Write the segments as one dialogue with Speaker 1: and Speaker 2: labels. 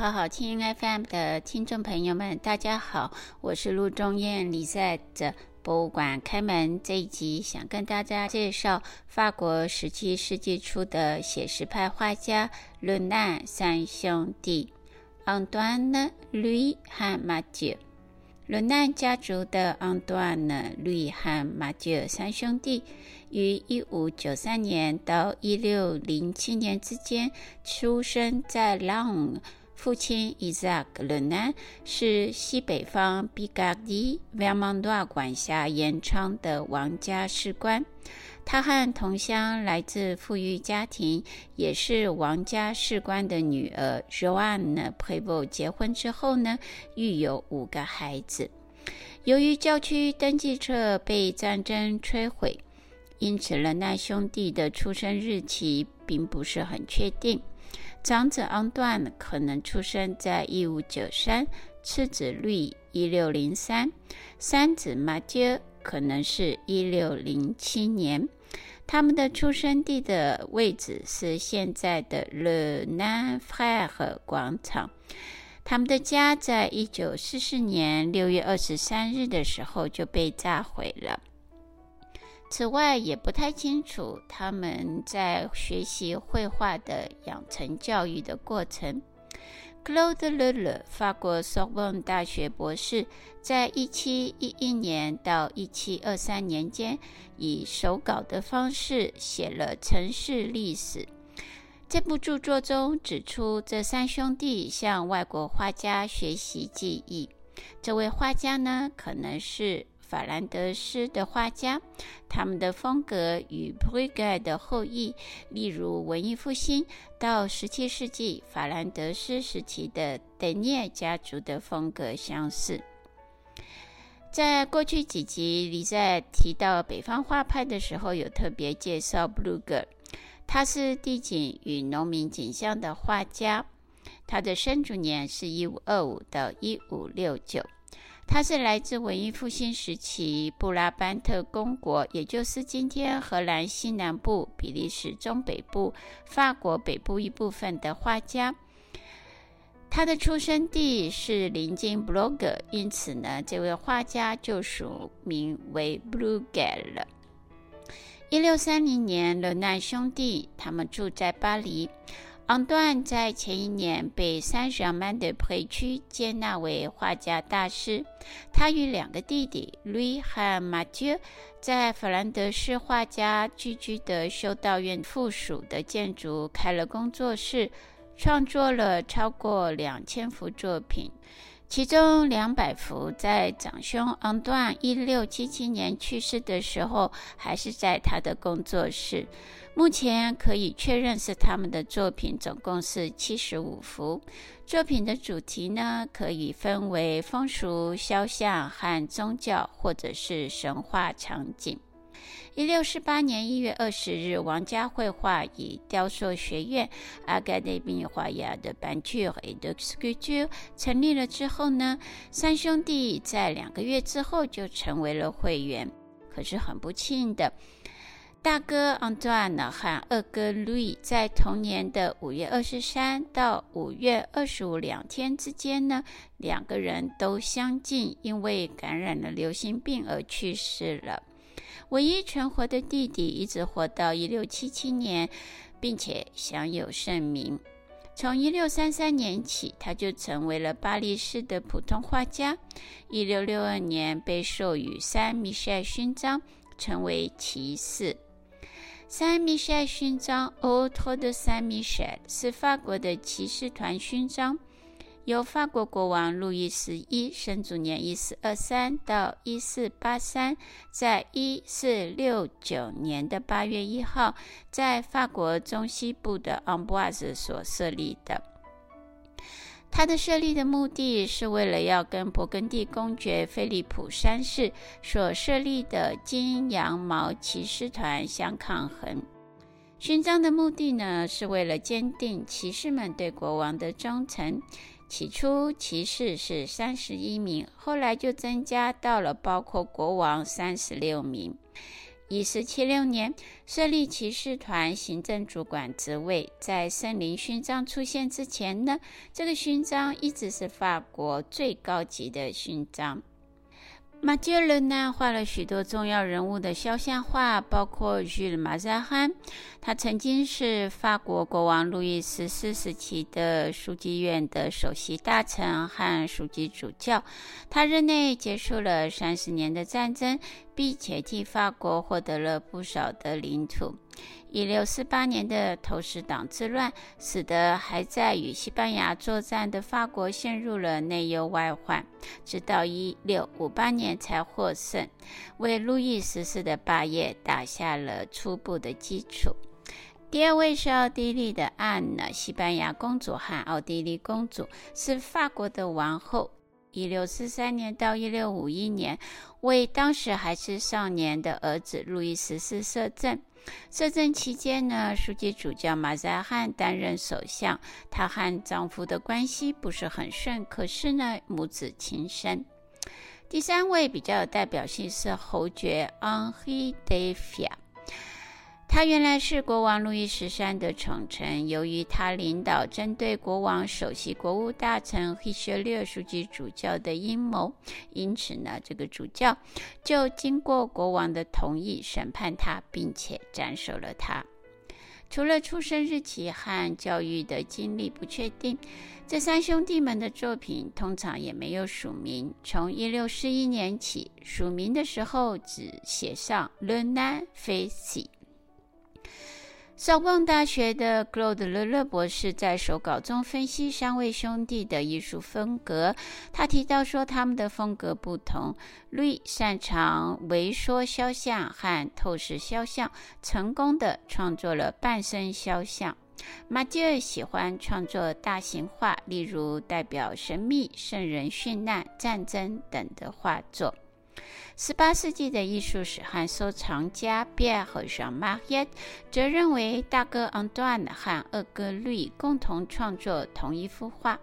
Speaker 1: 好好聽 FM 的聽眾朋友們，大家好，我是陸中燕。李塞者博物館開門這一集，想跟大家介紹法國十七世紀初的寫實派畫家倫南三兄弟——安多安、呂漢、馬九。倫南家族的安多安、呂漢、馬九三兄弟，於一五九三年到一六零七年之間出生在朗。父親 Isaac Le Nain 是西北方 Picardie，Vermandois 管轄鹽倉的王家士官。他和同鄉，來自富裕家庭，也是王家士官的女兒 Jehanne Prévost 結婚之後呢，育有五個孩子。由於教區登記冊被戰爭摧毀，因此 Le Nain 兄弟的出生日期並不是很確定。長子昂段可能出生在一五九三，次子綠一六零三，三子馬杰可能是一六零七年。他們的出生地的位置是現在的勒南弗爾廣場。他們的家在一九四四年六月二十三日的時候就被炸毀了。此外，也不太清楚他們在學習繪畫的養成教育的過程。Claude Leleu，法國索邦大學博士，在1711年到1723年間，以手稿的方式寫了城市歷史。這部著作中指出，這三兄弟向外國畫家學習技藝。這位畫家呢，可能是。法蘭德斯的畫家，他們的風格與普呂蓋的後裔，例如文藝復興到十七世紀法蘭德斯時期的德涅家族的風格相似。在過去幾集裡，在提到北方畫派的時候，有特別介紹布魯格，他是地景與農民景象的畫家，他的生卒年是一五二五到一五六九。他是來自文藝復興時期布拉班特公國，也就是今天荷蘭西南部、比利時中北部、法國北部一部分的畫家。他的出生地是臨近布魯格，因此呢，這位畫家就署名為布魯格爾。一六三零年，勒南兄弟，他們住在巴黎。昂段在前一年被三聖曼德佩區接納為畫家大師。他與兩個弟弟瑞漢、馬丘在法蘭德斯畫家聚居的修道院附屬的建築開了工作室，創作了超過兩千幅作品。其中兩百幅在長兄昂段一六七七年去世的時候還是在他的工作室，目前可以確認是他們的作品，總共是七十五幅。作品的主題呢，可以分為風俗、肖像和宗教或者是神話場景。一六四八年一月二十日，王家繪畫與雕塑學院 Académie de peinture et de sculpture 成立了之後呢，三兄弟在兩個月之後就成為了會員。可是很不幸的，大哥安東尼呢，和二哥路易在同年的五月二十三到五月二十五兩天之間呢，兩個人都相繼因為感染了流行病而去世了。唯一存活的弟弟一直活到一六七七年，並且享有盛名。從一六三三年起，他就成為了巴黎市的普通畫家。一六六二年，被授予三米歇勳章，成為騎士。三米歇勳章，奧托的三米歇，是法國的騎士團勳章。由法國國王路易十一，生卒年一四二三到一四八三，在一四六九年的八月一號，在法國中西部的昂布瓦茲所設立的。它的設立的目的是為了要跟勃艮第公爵菲利普三世所設立的金羊毛騎士團相抗衡。勳章的目的呢，是為了堅定騎士們對國王的忠誠。起初騎士是三十一名，後來就增加到了包括國王三十六名。一四七六年設立騎士團行政主管職位，在聖靈勳章出現之前呢，這個勳章一直是法國最高級的勳章。馬杰倫呢，畫了許多重要人物的肖像畫，包括居馬扎漢。他曾經是法國國王路易十四時期的樞機院的首席大臣和樞機主教。他任內結束了三十年的戰爭。並且替法國獲得了不少的領土。一六四八年的投石黨之亂，使得還在與西班牙作戰的法國陷入了內憂外患，直到一六五八年才獲勝，為路易十四的霸業打下了初步的基礎。第二位是奧地利的安娜，西班牙公主和奧地利公主，是法國的王後。一六四三年到一六五一年，為當時還是少年的兒子路易十四攝政。攝政期間呢，樞機主教馬扎漢擔任首相。他和丈夫的關係不是很順，可是呢，母子情深。第三位比較有代表性是侯爵昂黑德弗。他原來是國王路易十三的寵臣，由於他領導針對國王首席國務大臣希舍略樞機主教的陰謀，因此呢，這個主教就經過國王的同意審判他，並且斬首了他。除了出生日期和教育的經歷不確定，這三兄弟們的作品通常也沒有署名。從一六四一年起，署名的時候只寫上 Le Nain fecit。Sorbonne 大學的 Claude Leleu 博士，在手稿中分析三位兄弟的藝術風格。他提到說，他們的風格不同。Ray 擅長微縮肖像和透視肖像，成功地創作了半身肖像。馬吉爾喜歡創作大型畫，例如代表神秘、聖人殉難、戰爭等的畫作。18世紀的藝術史和收藏家貝爾侯爵馬歇則認為，大哥安德納和二哥呂共同創作同一幅畫。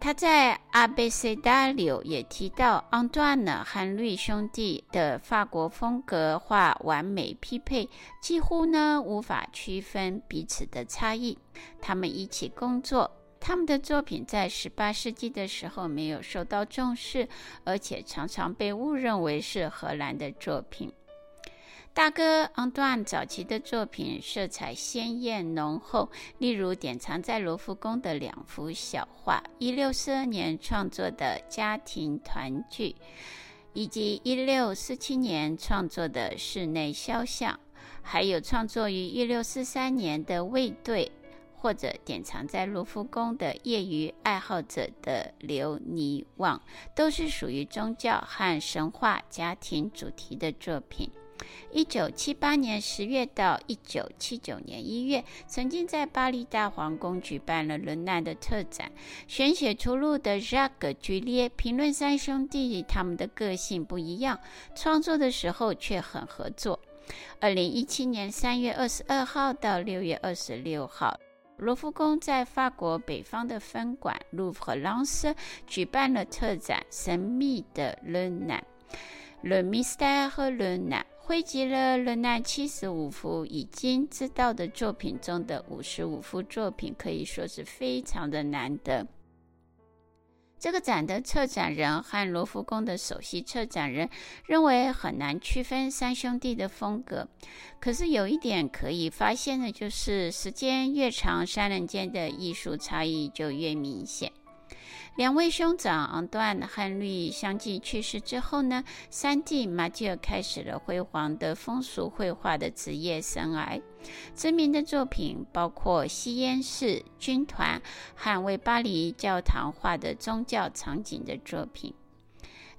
Speaker 1: 他在《阿貝塞達里奧》也提到，安德納和呂兄弟的法國風格畫完美匹配，幾乎呢無法區分彼此的差異。他們一起工作。他們的作品在18世紀的時候沒有受到重視，而且常常被誤認為是荷蘭的作品。大哥安端早期的作品色彩鮮豔濃厚，例如典藏在羅浮宮的兩幅小畫：1642年創作的家庭團聚，以及1647年創作的室內肖像，還有創作於1643年的衛隊。或者典藏在盧浮宮的業餘愛好者的流尼旺，都是屬於宗教和神話家庭主題的作品。一九七八年十月到一九七九年一月，曾經在巴黎大皇宮舉辦了倫奈的特展。《選寫出路的》的扎格居列評論三兄弟，他們的個性不一樣，創作的時候卻很合作。二零一七年三月二十二號到六月二十六號。羅浮宮在法國北方的分館魯夫和朗斯舉辦了特展《神秘的 Le Nain》，《Le Mystère 和 Le Nain》匯集了 Le Nain 七十五幅已經知道的作品中的五十五幅作品，可以說是非常的難得。這個展的策展人和羅浮宮的首席策展人認為很難區分三兄弟的風格，可是有一點可以發現的就是，時間越長，三人間的藝術差異就越明顯。兩位兄長昂段漢律相繼去世之後呢，三弟馬吉爾開始了輝煌的風俗繪畫的職業生涯。知名的作品包括吸菸室、軍團和為巴黎教堂畫的宗教場景的作品。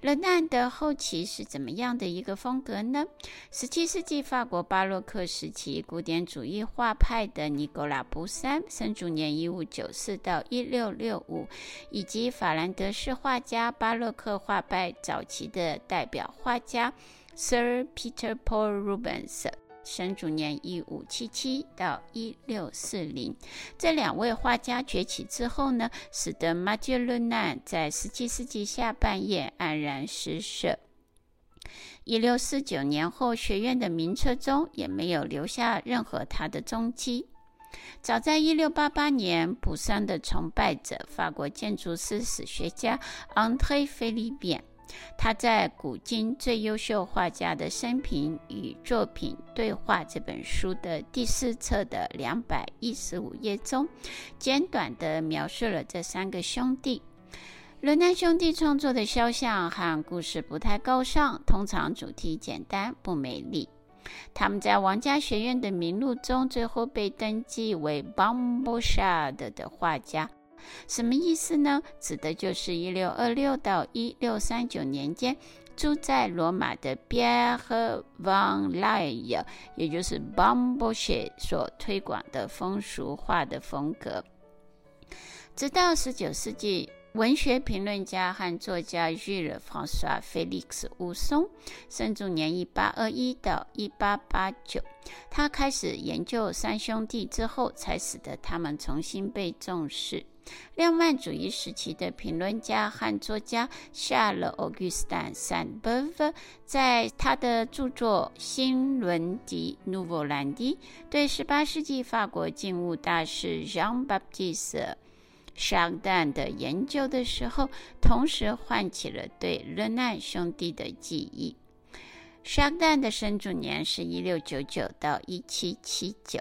Speaker 1: 荷蘭的後期是怎麼樣的一個風格呢？十七世紀法國巴洛克時期古典主義畫派的尼古拉·布三，生卒年一五九四到一六六五），以及法蘭德式畫家巴洛克畫派早期的代表畫家 Sir Peter Paul Rubens。生卒年一五七七到一六四零，這兩位畫家崛起之後呢，使得馬杰勒奈在十七世紀下半葉黯然失色。一六四九年後，學院的名冊中也沒有留下任何他的蹤跡。早在一六八八年，普桑的崇拜者、法國建築師史學家昂特菲利便。他在《古今最優秀畫家的生平與作品對話》這本書的第四冊的兩百一十五頁中，簡短地描述了這三個兄弟。倫南兄弟創作的肖像和故事不太高尚，通常主題簡單不美麗。他們在王家學院的名錄中，最後被登記為 Bambochade 的畫家。什麼意思呢？指的就是一六二六到一六三九年間住在羅馬的貝爾和王萊爾，er, 也就是 Bamboschi 所推廣的風俗畫的風格，直到十九世紀。文學評論家和作家約爾方沙費利克斯烏松，生卒年一八二一到一八八九。他開始研究三兄弟之後，才使得他們重新被重視。浪漫主義時期的評論家和作家夏勒奧古斯坦桑伯夫，uve, 在他的著作《新倫迪努佛蘭迪 e a u Landy） 對十八世紀法國靜物大師讓巴蒂斯。商丹的研究的時候，同時喚起了對倫奈兄弟的記憶。商丹的生卒年是一六九九到一七七九。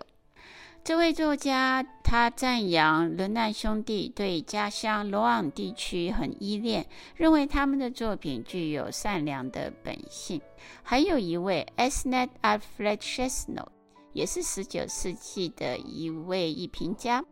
Speaker 1: 這位作家他讚揚倫奈兄弟對家鄉羅昂地區很依戀，認為他們的作品具有善良的本性。還有一位 Ernest Alfred Chesneau，也是十九世紀的一位藝評家。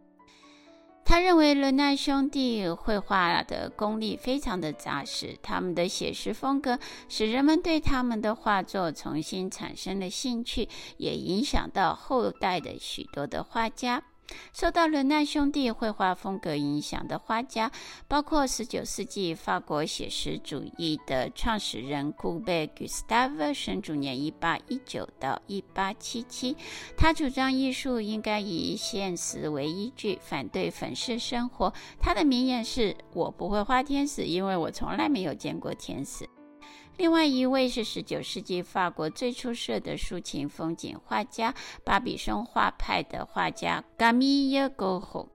Speaker 1: 他認為倫納兄弟繪畫的功力非常的紮實，他們的寫實風格使人們對他們的畫作重新產生了興趣，也影響到後代的許多的畫家。受到倫奈兄弟繪畫風格影響的畫家，包括19世紀法國寫實主義的創始人庫貝 g 斯達，t 生卒年1819到 1877）。他主張藝術應該以現實為依據，反對粉飾生活。他的名言是：“我不會畫天使，因為我從來沒有見過天使。”另外一位是19世紀法國最出色的抒情風景畫家——巴比松畫派的畫家嘎米耶·古後。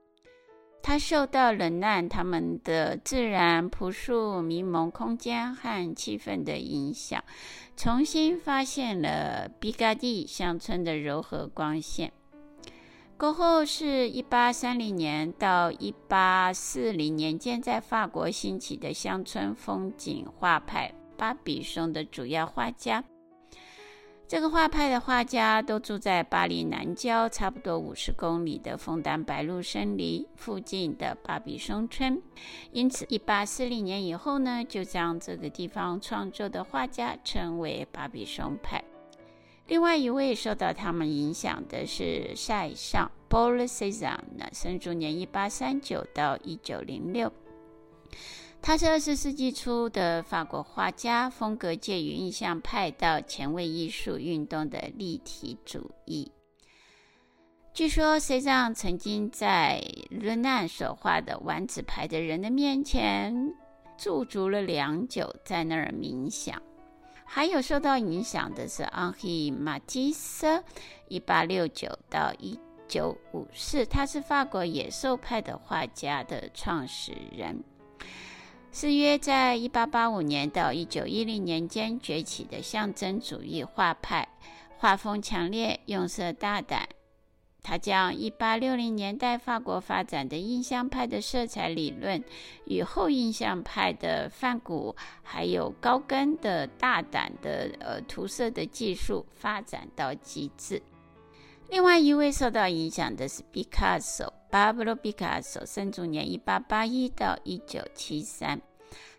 Speaker 1: 他受到勒南他們的自然、樸素、迷蒙空間和氣氛的影響，重新發現了比嘎地鄉村的柔和光線。古後是一八三零年到一八四零年間在法國興起的鄉村風景畫派。巴比松的主要畫家，這個畫派的畫家都住在巴黎南郊，差不多五十公里的楓丹白露森林附近的巴比松村，因此，一八四零年以後呢，就將這個地方創作的畫家稱為巴比松派。另外一位受到他們影響的是塞尚 b o u r g e o n s，生卒年一八三九到一九零六。他是二十世紀初的法國畫家，風格介於印象派到前衛藝術運動的立體主義。據說塞尚曾經在倫納所畫的玩紙牌的人的面前駐足了良久，在那兒冥想。還有受到影響的是昂希馬蒂斯（一八六九到一九五四），他是法國野獸派的畫家的創始人。是約在一八八五年到一九一零年間崛起的象徵主義畫派，畫風強烈，用色大膽。他將一八六零年代法國發展的印象派的色彩理論，與後印象派的梵谷還有高更的大膽的呃塗色的技術發展到極致。另外一位受到影響的是畢卡索。巴勃羅·畢卡索生卒年一八八一到一九七三，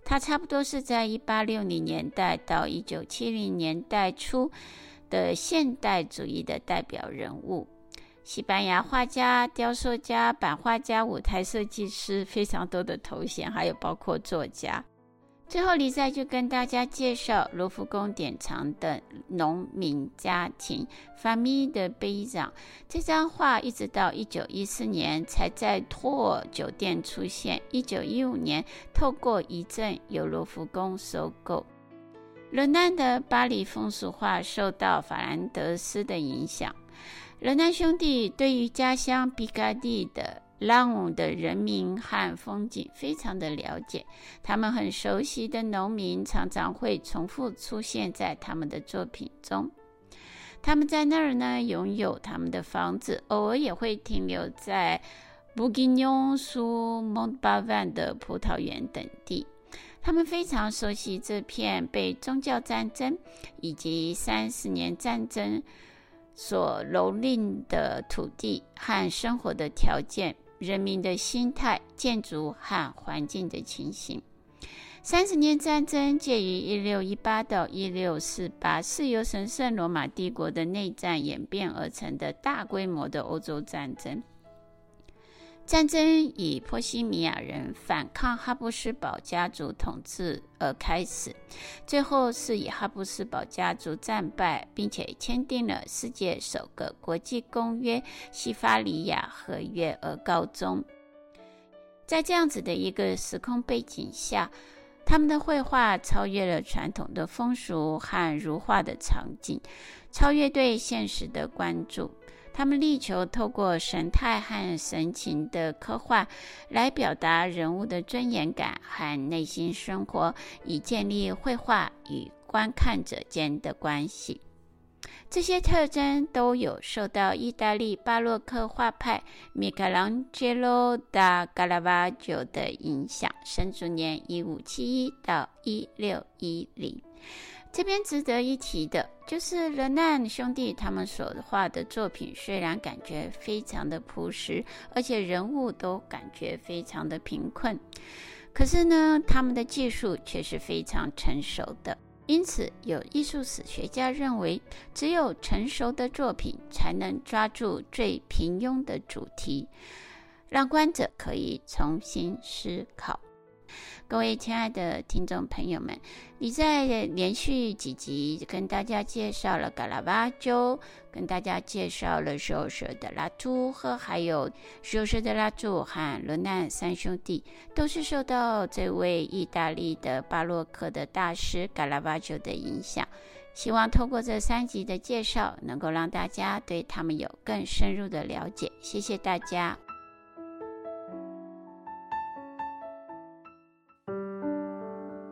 Speaker 1: 他差不多是在一八六零年代到一九七零年代初的現代主義的代表人物，西班牙畫家、雕塑家、版畫家、舞台設計師，非常多的頭銜，還有包括作家。最後，李在就跟大家介紹盧浮宮典藏的農民家庭《法米的悲擾》這張畫，一直到1914年才在托爾酒店出現。1915年，透過遺贈由盧浮宮收購。倫南的巴黎風俗畫受到法蘭德斯的影響，倫南兄弟對於家鄉比嘎蒂的。讓我們的人民和風景非常的了解，他們很熟悉的農民常常會重複出現在他們的作品中。他們在那兒呢，擁有他們的房子，偶爾也會停留在布吉紐蘇蒙巴萬的葡萄園等地。他們非常熟悉這片被宗教戰爭以及三十年戰爭所蹂躪的土地和生活的條件。人民的心態、建築和環境的情形。三十年戰爭介於一六一八到一六四八，是由神聖羅馬帝國的內戰演變而成的大規模的歐洲戰爭。戰爭以波西米亞人反抗哈布斯堡家族統治而開始，最後是以哈布斯堡家族戰敗，並且簽訂了世界首個國際公約《西發里亞合約》而告終。在這樣子的一個時空背景下，他們的繪畫超越了傳統的風俗和如畫的場景，超越對現實的關注。他們力求透過神態和神情的刻畫，來表達人物的尊嚴感和內心生活，以建立繪畫與觀看者間的關係。這些特徵都有受到意大利巴洛克畫派米開朗基羅·達·卡拉瓦喬的影響，生卒年一五七一到一六一零。這邊值得一提的就是 Le Nain 兄弟他們所畫的作品，雖然感覺非常的樸實，而且人物都感覺非常的貧困，可是呢，他們的技術卻是非常成熟的。因此，有藝術史學家認為，只有成熟的作品才能抓住最平庸的主題，讓觀者可以重新思考。各位親愛的聽眾朋友們，你在連續幾集跟大家介紹了卡拉瓦喬，跟大家介紹了手手的拉圖和還有手手的拉圖和勒南三兄弟，都是受到這位意大利的巴洛克的大師卡拉瓦喬的影響。希望通過這三集的介紹，能夠讓大家對他們有更深入的了解。謝謝大家。